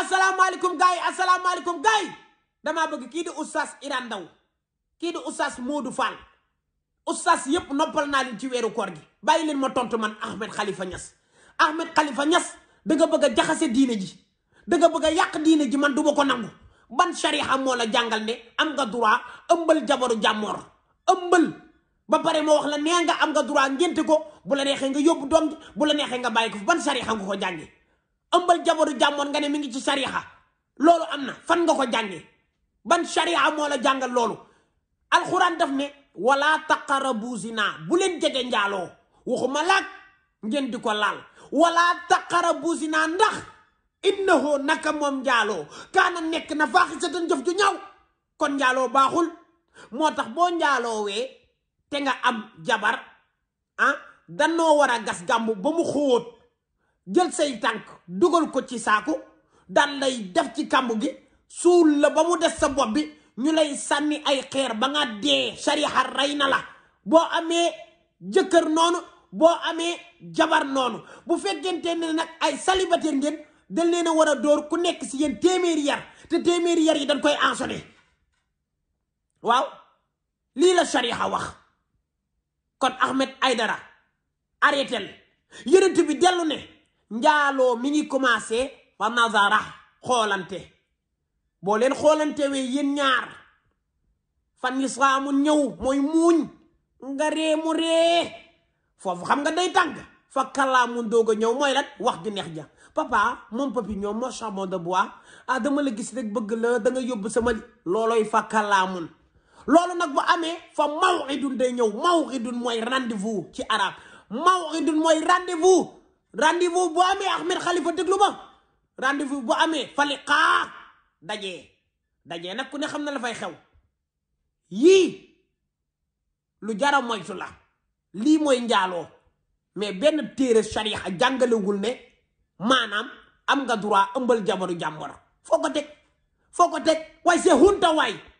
asalaamaaleykum gars yi asalaamaaleykum gars damaa bëgg kii di oustaz Iran Ndao kii di oustaz Modou Fall oustaz yépp noppal naa leen ci weeru koor gi bàyyi leen ma tontu man Ahmed Khalifa ñas Ahmed Khalifa Niass da nga bëgg a jaxase diina ji da nga bëgg a yàq diina ji man du ma ko nangu ban shariha moo la jàngal ne am nga droit ëmbal jabaru jàmmoor ëmbal ba pare moo wax la nee nga am nga droit ngénte ko bu la neexee nga yóbbu doom ji bu la neexee nga bàyyi ko fi ban shariha nga ko jànge ëmbal jabaru jàmmoon nga ne mi ngi ci sariya loolu am na fan nga ko jàngee ban sariya moo la jàngal loolu alxuraan daf ne wala taqarabu zina bu leen jege njaaloo waxuma laag ngeen di ko laal wala taqarabu zina ndax innahu naka moom njaaloo kaana nekk na faaxisatan jëf ju ñaaw kon njaaloo baaxul moo tax boo njaaloowee te nga am jabar ah danoo war a gas gàmb ba mu xoot jël say tànk dugal ko ci saaku daan lay def ci kàmb gi suul la ba mu des sa bopp bi ñu lay sànni ay xeer ba nga dee sariya rey na la boo amee jëkkër noonu boo amee jabar noonu bu fekkente ne nag ay célibataire ngeen dañ leen war a dóor ku nekk si yéen téeméeri yar te téeméeri yar yi dañ koy ensonné waaw lii la sariya wax kon Ahmed Aidara arrêtel yërënt bi dellu ne njaaloo mi ngi commencé wa nazara xoolante boo leen xoolante wee yéen ñaar fa nisaamu ñëw mooy muuñ nga ree mu ree foofu xam nga day tàng fa kalaamu doog a ñëw mooy lan wax ju neex ja papa moom papignon moo charbon de bois ah dama la gis rek bëgg la da nga yóbbu sama li loolooy fa kalaamun loolu nag bu amee fa mawidun day ñëw mawidun mooy rendez-vous ci arab mawidun mooy rendez-vous rendez-vous bu amee Ahmed Khalifa déglu ma rendez bu amee faliqaa dajee dajee nag ku ne xam na la fay xew yii lu jara moytu la lii mooy njaaloo mais benn téere sharia jàngalewul ne maanaam am nga droit ëmbal jabaru jàmboro foo ko teg foo ko teg waaye c'est hunta waay